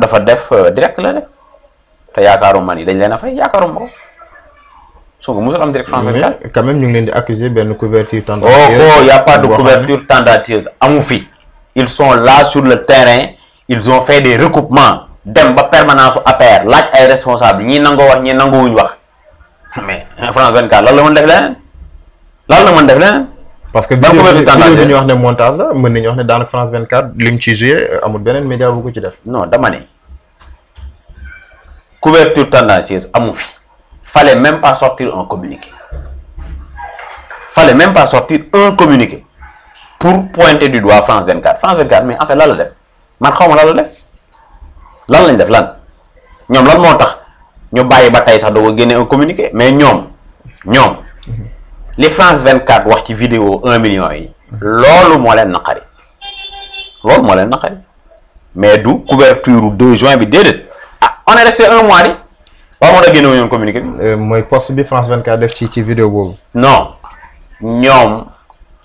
dafa def euh, direct la def te yaakaarum man yi dañ leen a fay yaakaarum ma ko Sonko musul am direct transversal mais quand même ñu ngi leen di accuser benn couverture tendancieuse oh oh y' a amu fi ils son là sur le terrain ils ont fait des recoupement dem ba permanence su APR laaj ay responsable ñi nangoo wax ñi nanguwuñ wax mais France 24 lan la mën def la mën parce que vidéo bi ñu wax ne montage la mën nañu wax ne daanaka France 24 lim ci joué amul beneen média bu ko ci def. non dama ne couverture tendancieuse amu fi. fallait même pas sortir un communiqué fale même pas sortir un communiqué pour pointer du doigt France 24 France 24 mais en fait lan la def man xaw ma lal la def lan lañ def lan ñoom lan moo tax ñu bàyyi ba tey sax doo génne un communiqué mais ñoom ñoom. li France 24 wax ci video un million yi loolu moo leen naqari loolu moo leen naqari mais du couverture 2 juin bi déedéet ah on est resté un mois di waaw moo tax génne communiqué bi. Euh, mooy post bi France 24 def ci ci vidéo boobu. non ñoom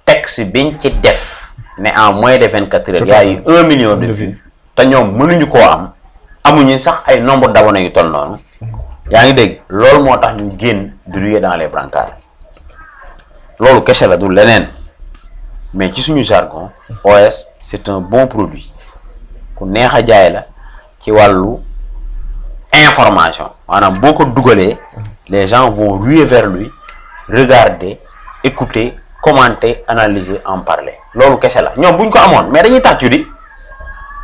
texte biñ ci def ne en moins de 24 heures. yaa yi un million de vues te ñoom mënuñu koo am amuñu sax ay nombre d'abonnés yu toll noonu mm. yaa ngi dégg loolu moo tax ñu génn di ruer dans les brancards. loolu kese la du leneen mais ci suñu jargon OS c'est un bon produit ku neex a jaay la ci wàllu information maanaam boo ko dugalee les gens vont ruer vers lui regarder écouter commenter analyser en parler loolu kese la ñoom buñ ñu ko amoon mais dañuy tàccu di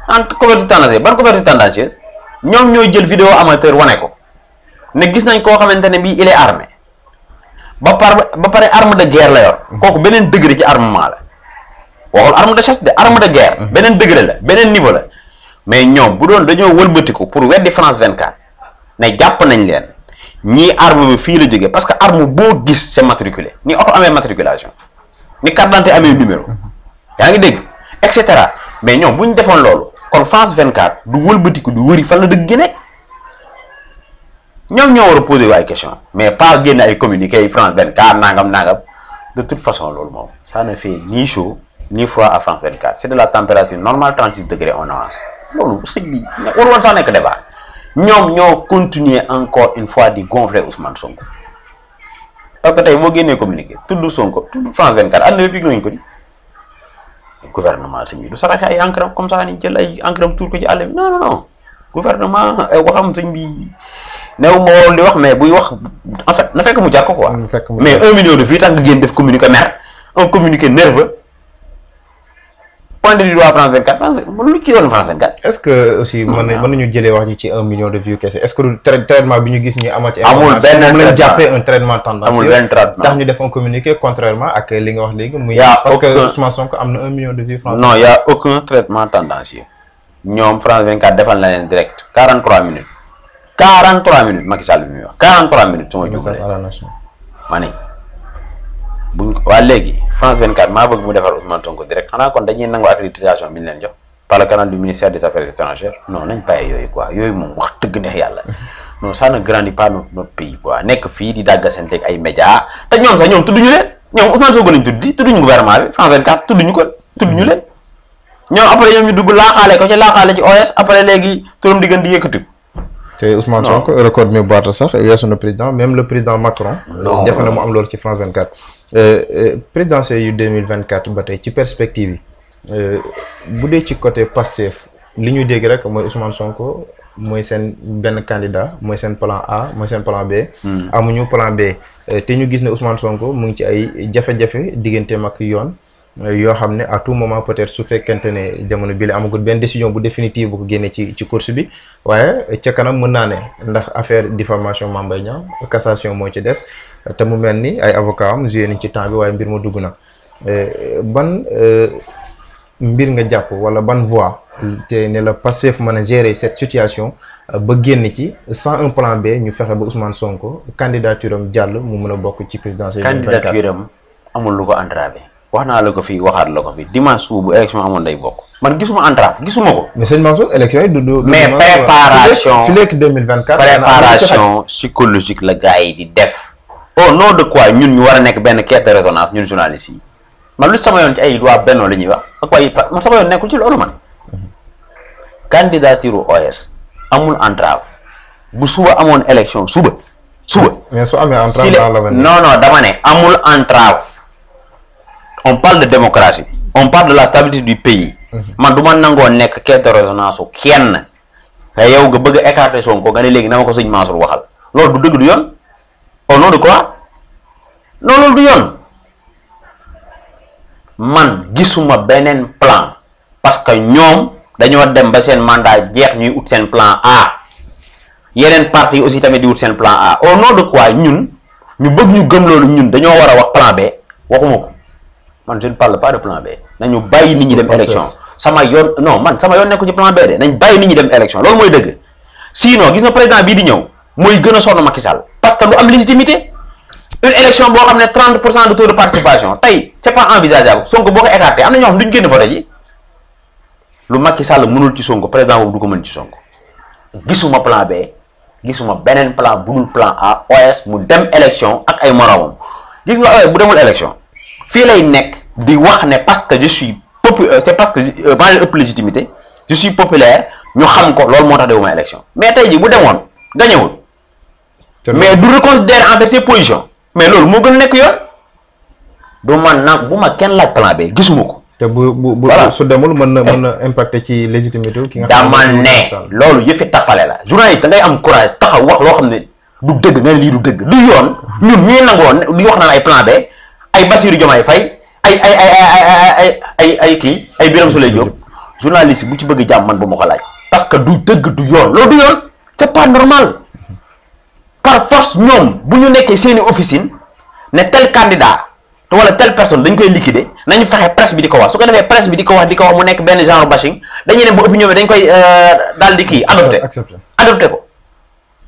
en couverture tendancieuse ban couverture tendancieuse ñoom ñoo jël video amateur wane ko ne gis nañ koo xamante ne bii il est armé ba par ba pare arme de guerre la yor. Mhm. kooku beneen degré ci armement la waxul arme de chasse de arme de guerre. Mhm. beneen degré la beneen niveau la mais ñoom bu doon dañoo wëlbatiku pour weddi France 24 ne jàpp nañ leen ñii arm bi fii la jógee parce que arme boo gis c'est matriculer ni oto amee matriculation ni carte d'identité amee numéro mhm. yaa ngi dégg et cetera mais ñoom bu ñu defoon loolu kon France 24 du wëlbatiku du wëri fan la dëgg gi ñoom ñoo war a poser waaye question mais pas génne ay communiqué France 24 nangam nangam de toute façon loolu moom ça ne fait ni chaud ni froid à France 24 c'est de la température normale 36 degrés on avance loolu sëñ bi war woon sax nekk débat ñoom ñoo continuer encore une fois di gonfler Ousmane Sonko tey boo génnee communiqué tudd Sonko tudd ko ni gouvernement sëñ bi du saraxe ay encre comme ko ci àll bi non non non gouvernement waxam bi. new ma wax mais buy wax en fait na fekk mu jar ko quoi. mais un million de vues tant que génn def communiqué mer un communiqué nerveux point de vue waa France 24 lu ci yoon France est ce que aussi. mën nañu mën nañu jëlee wax ñu ci un million de vues kese est ce que du traitement ñu mu leen jàppee un traitement tendancieux. tax ñu def un communiqué contrairement ak li nga wax léegi. muy parce que Ousmane Sonko am na un million de vues. France non y' a aucun traitement tendancieux. ñoom France 24 defal na leen 43 minutes Macky Sall bi muy wax 43 minutes. su ma jubalee ma ne buñ waa léegi France 24 maa bëgg defar Ousmane Sonko direct xanaa kon dañuy nangu accréditation bi ñu leen jox par le canal du ministère des affaires étrangères non nañ bàyyi yooyu quoi yooyu moom wax dëgg neex yàlla. non ça ne grandit pas notre notre pays quoi nekk fii di dàggasante ak ay médias te ñoom sax ñoom tudduñu leen ñoom Ousmane Sonko lañ tuddi tudduñu ko leen mm-hmm. ñoom après ñoom ñu dugg laaxaale ko ci laaxaale ci te Ousmane Sonko record mi boite sax weesu na président même le président Macron. jafe na mu am loolu ci France 24. Euh, euh, présidentielle yu 2024 ba tey ci perspective yi euh, bu dee ci côté Pastef li ñu dégg rek mooy Ousmane Sonko mooy seen benn candidat mooy seen plan A mooy seen plan B. Hmm. amuñu plan B te ñu gis ne Ousmane Sonko mu ngi ci ay jafe-jafe digganteem ak yoon. yoo xam ne à tout moment peut-être su fekkente ne jamono bi la amagul benn décision bu définitive bu ko génnee ci ci course bi waaye ca kanam mën naa ne ndax affaire diffamation Mame Mbaye Niang cassation moo ci des te mu mel ni ay avocat am joué ci temps bi waaye mbir ma dugg na euh, ban euh, mbir nga jàpp wala ban voie te ne la Pastef mën a gérer cette situation euh, ba génn ci sans un plan B ñu fexe ba Ousmane sonk candidature am jàll mu mën a bokk ci présidentielle candidature am amul lu ko entravé wax naa la ko fii waxaat la ko fii dimanche suba bu élection amoon day bokk man gisuma entrave gisuma ko. mais sëñ Mansour yi du du. mais préparation fii léegi 2024. préparation psychologique la gars yi di def. au nom de quoi ñun ñu war a nekk benn caisse de résonance ñun journaliste yi man lu sama yoon ci benn waa la ñuy wax ak waaye man sama yoon nekkul ci loolu man. candidature OS bu suba amoon élection suba. suba mais su amee entrave dans l'avenir on parle de démocratie on parle de la stabilité du pays mhm. man du nangoo nekk quête de résonance su kenn te yow nga bëgg a écarter Sonko nga ne léegi na ma ko sëñ Mansour waxal loolu du dëgg du yoon au nom de quoi non loolu du yoon man gisuma beneen plan parce que ñoom dañoo dem ba seen mandat jeex ñuy ut seen plan A yeneen parti aussi tamit di ut seen plan A au nom de quoi ñun ñu bëgg ñu gëm loolu ñun dañoo war a wax plan B waxuma ko. man je ne parle pas de plan B nañu bàyyi nit ñi dem élection sama yoon non man sama yoon nekku ci plan B de nañ bàyyi nit ñi dem élection loolu mooy dëgg sinon gis nga a sonn que du am légitimité une boo xam ne 30 pour cent de taux de participation tey c'est pas envisageable Sonko boo ko écarté ci Sonko président boobu du ko mën ci Sonko gisuma plan B gisuma beneen plan bu dul plan A OS mu dem election ak ay moroomam gis nga OS bu demul élection. fii lay nekk di wax ne parce que je suis popu euh, c'est parce que euh, maa ëpp légitimité je suis populaire ñu xam ko loolu moo tax dewuma élection mais tey jii bu demoon gañewul mais du reconsidérer envers ses positions mais loolu moo gën a nekk yoon du man nag bu ma kenn laaj plan B gisuma ko. te bu bu bu su demul mën na mën na impacter ci légitimité ki nga xam dama ne loolu yëfi tappale la journaliste da ngay am courage taxaw wax loo xam ne du dëgg nga lii du dëgg du yoon ñun ñuy nangoo di wax naan ay ay Bassirou Diomaye Faye ay ay ay ay ay ay kii ay Birame Souleye Diop journaliste bu ci bëgg jàmm man bu ma ko laaj parce que du dëgg du yoon loolu du yoon c'est pas normal par force ñoom bu ñu nekkee seeni officine ne tel candidat te wala telle personne dañ koy liquider nañu fexe presse bi di ko wax su ko defee presse bi di ko wax di ko wax mu nekk benn genre bashing dañuy dem ba opinion bi dañ koy euh, daal di kii adopté adopté ko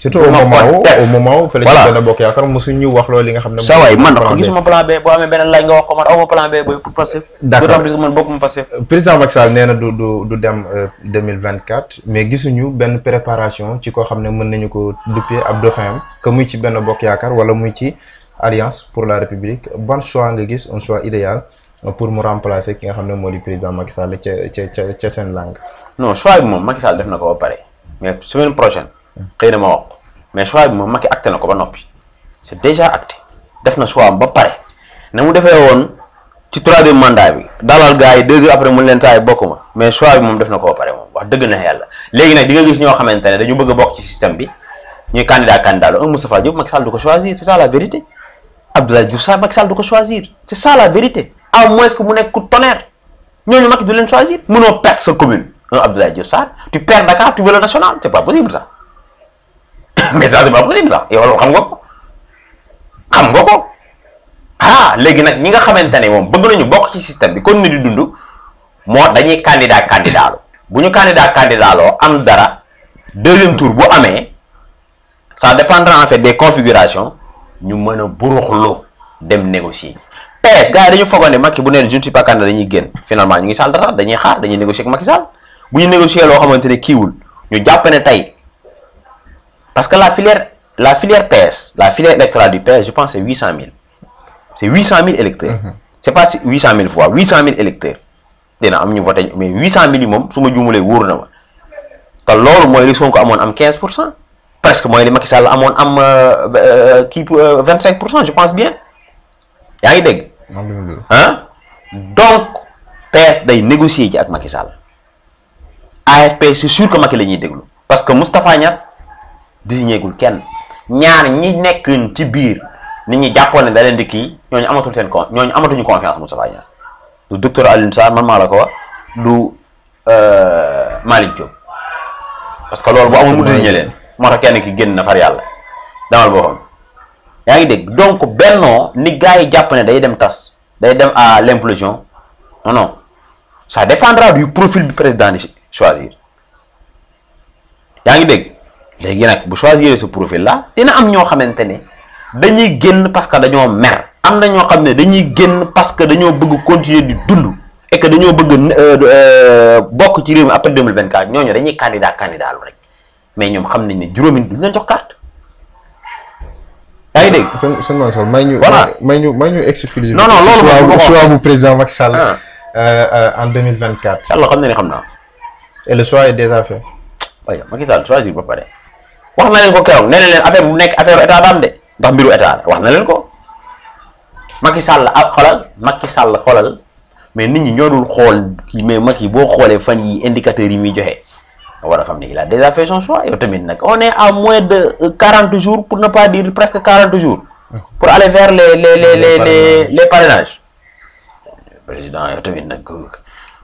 surtout au moment au moment où. fële ci benn bokk yaakaar mosuñu wax loolu li nga xam ne. sa waay man gisuma plan B boo amee beneen laaj nga wax ko man aw ma plan président Macky Sall du du du dem 2024 euh, mais gisuñu benn préparation ci koo xam ne mën nañu ko duppee ab dauphin am que muy ci benn bokk yaakaar wala muy ci alliance pour la république ban choix nga gis un choix idéal euh, pour mu remplacer ki nga xam ne moo di président Macky Sall ca ca ca seen langue. non choix bi moom Macky Sall def na ko ba pare mais semaine hmm. ma mais choix bi moom Macky acté na ko ba noppi c'est déjà acté def na choix ba pare na mu defee woon ci troisième mandat bi dalal gars yi deux jours après mun leen saay bokkuma mais choix bi moom def na ko ba pare moom wax dëgg na yàlla léegi nag di gis ñoo xamante ne dañu bëgg a bokk ci système bi ñuy candidat candidat la un Moustapha Diop Macky Sall du ko choisir c'est ça la vérité Abdoulaye Diouf Sarr Macky Sall du ko choisir c'est ça la le national c'est pas possible mais ça c'est pas possible sax yow loolu xam nga ko xam nga ko ah léegi nag ñi nga xamante ne moom bëgg nañu bokk ci système bi kon ni di dund moo dañuy candidat candidat lu bu ñu candidat candidat loo am dara deuxième tour bu amee sa dépendra en fait des configurations ñu mën a buruxlu dem négocier PS gars yi dañu foogoon ne Macky bu neen je ne suis pas candidat dañuy génn finalement ñu ngi sàll dara dañuy xaar dañuy négocier ak Macky Sall bu ñu négocier loo xamante ne kiiwul ñu jàpp ne tey Parce que la filière, la filière PS, la filière électorale du PS, je pense c'est 800 000. C'est 800 000 électeurs. Mm -hmm. C'est pas 800 000 fois, 800 000 électeurs. dina am ñu voté mais 800 000 yi moom su ma juumalee wóor na ma ta loolu mooy li Sonko amoon am 15 pour cent presque mooy li Macky Sall amoon am euh, euh, kii 25 euh, pour cent je pense bien yaa ngi dégg. ah donc PS day négocier ci ak Macky Sall AFP c'est sûr que Macky la ñuy déglu parce que Moustapha Niass. désigné gul kenn ñaar ñi nekk ci biir ni ñi jàppoon ne da leen di kii ñooñu amatul seen con ñooñu amatuñu confiance Moustapha Niass du docteur Alioune Sarr man maa ko wax du euh, Malick parce que loolu bu amul mu leen moo tax kenn ki génn na far yàlla damal boo xam yaa ngi dégg donc bennoo ni gars yi jàpp ne day dem tas day dem à l'implosion non non ça dépendra du profil du président di choisir yaa ngi dégg léegi nag bu choisir ce profil là dina am ñoo xamante ne dañuy génn parce que dañoo mer am na ñoo xam ne dañuy génn parce que dañoo bëgg continuer di dund et dañoo bëgg euh, euh, bokk ci réew mi après 2024 ñooñu dañuy candidat candidat lu rek mais ñoom xam nañ ni juróomi duñ leen jox carte. yaa ngi dégg seen seen Mansour may ñu. voilà may ñu may ñu exclusif. non non loolu moom bu président Macky Sall. Ah. Euh, en 2024. yàlla xam na ne xam naa. et le choix est déjà fait. waaye Macky Sall choisir ba pare. wax na leen ko keroog nee na leen affaire bu nekk affaire état daam de ndax mbiru état wax na leen ko Macky Sall ah xoolal Macky Sall xoolal mais nit ñi ñoo dul xool kii mais Macky boo xoolee fan yi indicateurs yi muy joxe war a xam ni il a déjà fait son choix yow tamit nag on est à moins de euh, quarante jours pour ne pas dire presque quarante jours pour aller vers le les les les les les parrainages président yow tamit nag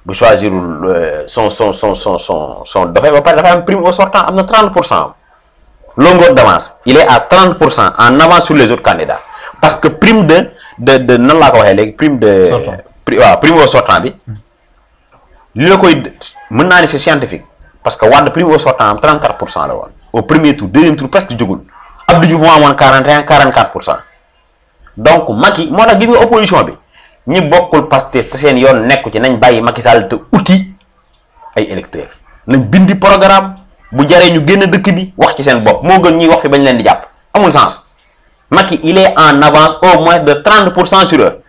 bu choisirul euh, son son son son son son dafay ba pare dafa am na trente pour cent longueur d'avance il est à 30 pour cent en avance sur les autres candidats parce que prime de de de nan laa ko waxee léegi prime de. sortant waaw prime au sortant bi. li la koy mën naa ne c'est scientifique parce que Wade prime au sortant am 34 pour cent la woon au premier tour deuxième tour presque jógul Abdou Diouf moo amoon 41 44 pour cent donc Macky moo tax gis nga opposition bi ñi bokkul Pastef te seen yoon nekku ci nañ bàyyi Macky Sall te ay électeurs nañ bindi programme. bu jaree ñu génn dëkk bi wax ci seen bopp moo gën ñuy wax fi bañ leen di jàpp amul sens Macky il est en avance au moins de 30 pour cent sure eux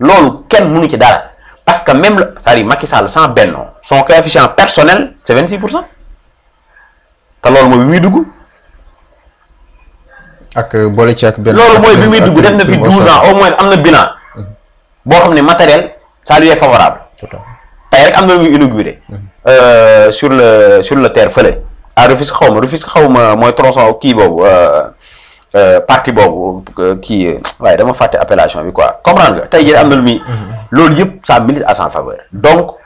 loolu kenn mënu ci dara parce que même la c'est-à-dire Macky Sall sans Benno son coefficient personnel c'est 26 pour cent te loolu mooy bi muy dugg. ak euh, boole ci ak benn loolu mooy bi muy dugg def na fi 12 ans au moins am na bilan mhm. boo xam ne matériel ça lui est favorable. tey rek am na lu muy inauguré. Mhm. Euh, sur le sur le terre fële ah Rufisque xaw ma Rufisque xaw ma mooy tronçon kii boobu euh, euh, parti boobu kii waaye dama fàtte appellation bi quoi comprendre nga tey jii am na lu muy. Mhm. loolu yëpp ça milite à sa faveur. donc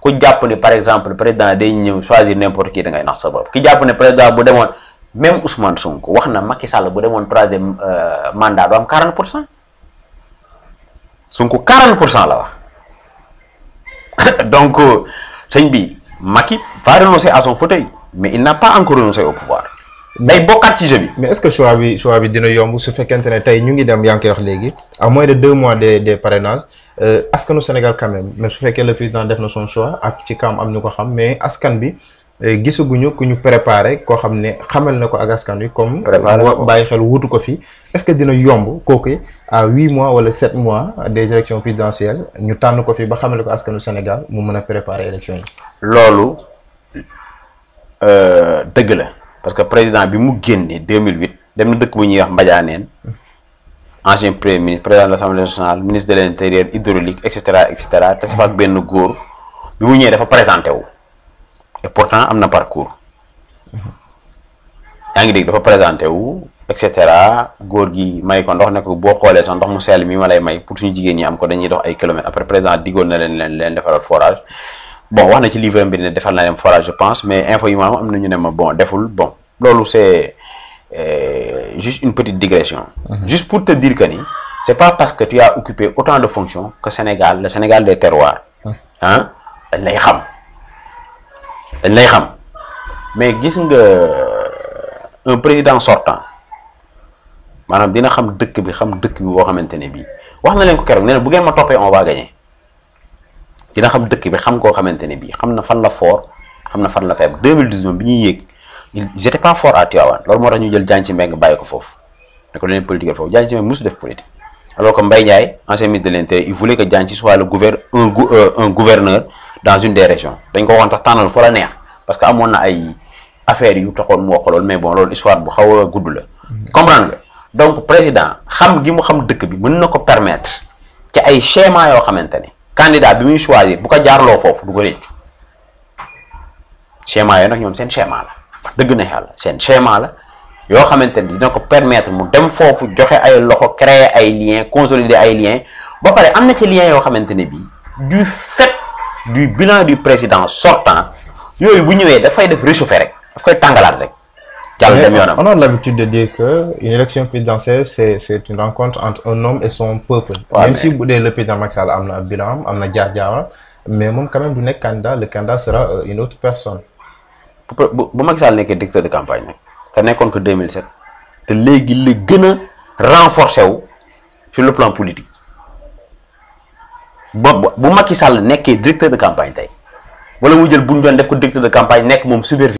ku jàpp ne par exemple président day ñëw choisir n'importe qui dangay nax sa bopp ki jàpp ne président bu demoon même Ousmane Sonko wax na Macky Sall bu demoon troisième mandat du am 40 pour cent Sonko 40 pour cent la wax donc sëñ bi. Macky va renoncer à son fauteuil mais il n'a pas encore renoncé au pouvoir. day bokkaat ci jeu bi. mais est-ce que choix bi choix bi dina yomb su fekkente ne tey ñu ngi dem yaa wax léegi à moins de deux mois des des parrainages askanu euh, Sénégal quand mais su fekkee le président def na son choix ak ci kam am ñu ko xam mais askan bi. Euh, gisaguñu ku ñu préparé koo xam ne xamal na ko ak askan wi comme. bàyyi xel wutu ko fii est-ce que dina yomb kooku à huit mois wala sept mois des élections présidentielles ñu tànn ko fi ba xamal ko askanu Sénégal mu mën a préparer élection yi. loolu euh, dëgg la parce que président bi mu génne 2008 dem na dëkk bu ñuy wax Mbadianeen ancien premier ministre président de l'Assemblée nationale ministre de l'intérieur hydraulique et cetera et cetera te sa fa ak benn góor bi mu ñëwee dafa présenté wu. et pourtant am na parcours yaa ngi dégg dafa présenté wu et cetera góor gi may ko ndox ne ko boo xoolee sax ndox mu seel mii ma lay may pour ñu jigéen ñi am ko dañuy dox ay kilomètres après président diggoon na leen leen leen defaral forage bon wax na ci livre bi ne defal na leen forage je pense mais info yi ma am na ñu ne ma bon deful bon loolu c'est euh, juste une petite digression. Mhm. juste pour te dire que ni c'est pas parce que tu as occupé autant de fonctions que Sénégal le Sénégal des ah dañ lay xam. dañ lay xam mais gis nga euh, un président sortant maanaam dina xam dëkk bi xam dëkk bi boo xamante ne bii wax na leen ko keroog nee bu ngeen ma toppee on va dina xam dëkk bi xam koo xamante ne bii xam na fan la foor xam na fan la faible 2019 bi ñuy yéeg j'étais pas fort at Tivaouane loolu moo tax ñu jël Diagne Sy Mbengue bàyyi ko foofu ne ko leen politique foofu Diagne Sy Mbengue musu def politique alors que Mbaye Ndiaye ancien ministre de l'Intérieur il voulait que Diagne Sy soit le gouver euh, un gouverneur dans une des régions dañ ko waxoon sax tànnal fa la neex parce que amoon na ay affaire yu taxoon mu wax loolu mais bon loolu histoire bu xaw a gudd la. comprendre donc président xam gi mu xam dëkk bi mën na ko permettre ci ay schéma yoo xamante ne candidat bi muy choisir bu ko jaarloo foofu du ko réccu schéma yooyu nag ñoom seen schéma la wax dëgg na yàlla seen la yoo xamante ne dina ko permettre mu dem foofu joxe ay loxo créer ay liens consolider ay liens ba pare am na ci liens yoo xamante ne du fait. du bilan du président sortant yooyu bu ñëwee dafay def réchauffer rek daf koy tàngalaat rek. jàll dem yoonam on l'habitude de dire que une élection présidentielle c'est c'est une rencontre entre un homme et son peuple. Ouais, si bu dee le président Macky am na bilan am na jaar-jaara mais moom quand même du nekk candidat le candidat sera euh, une autre personne. bu bu Macky Sall nekkee directeur de campagne nag te nekkoon ko te léegi li gën a renforcé wu sur le plan politique. boobu bu Macky Sall nekkee directeur de campagne tey wala mu jël bu ñu doon def ko directeur de campagne nekk moom superviseur.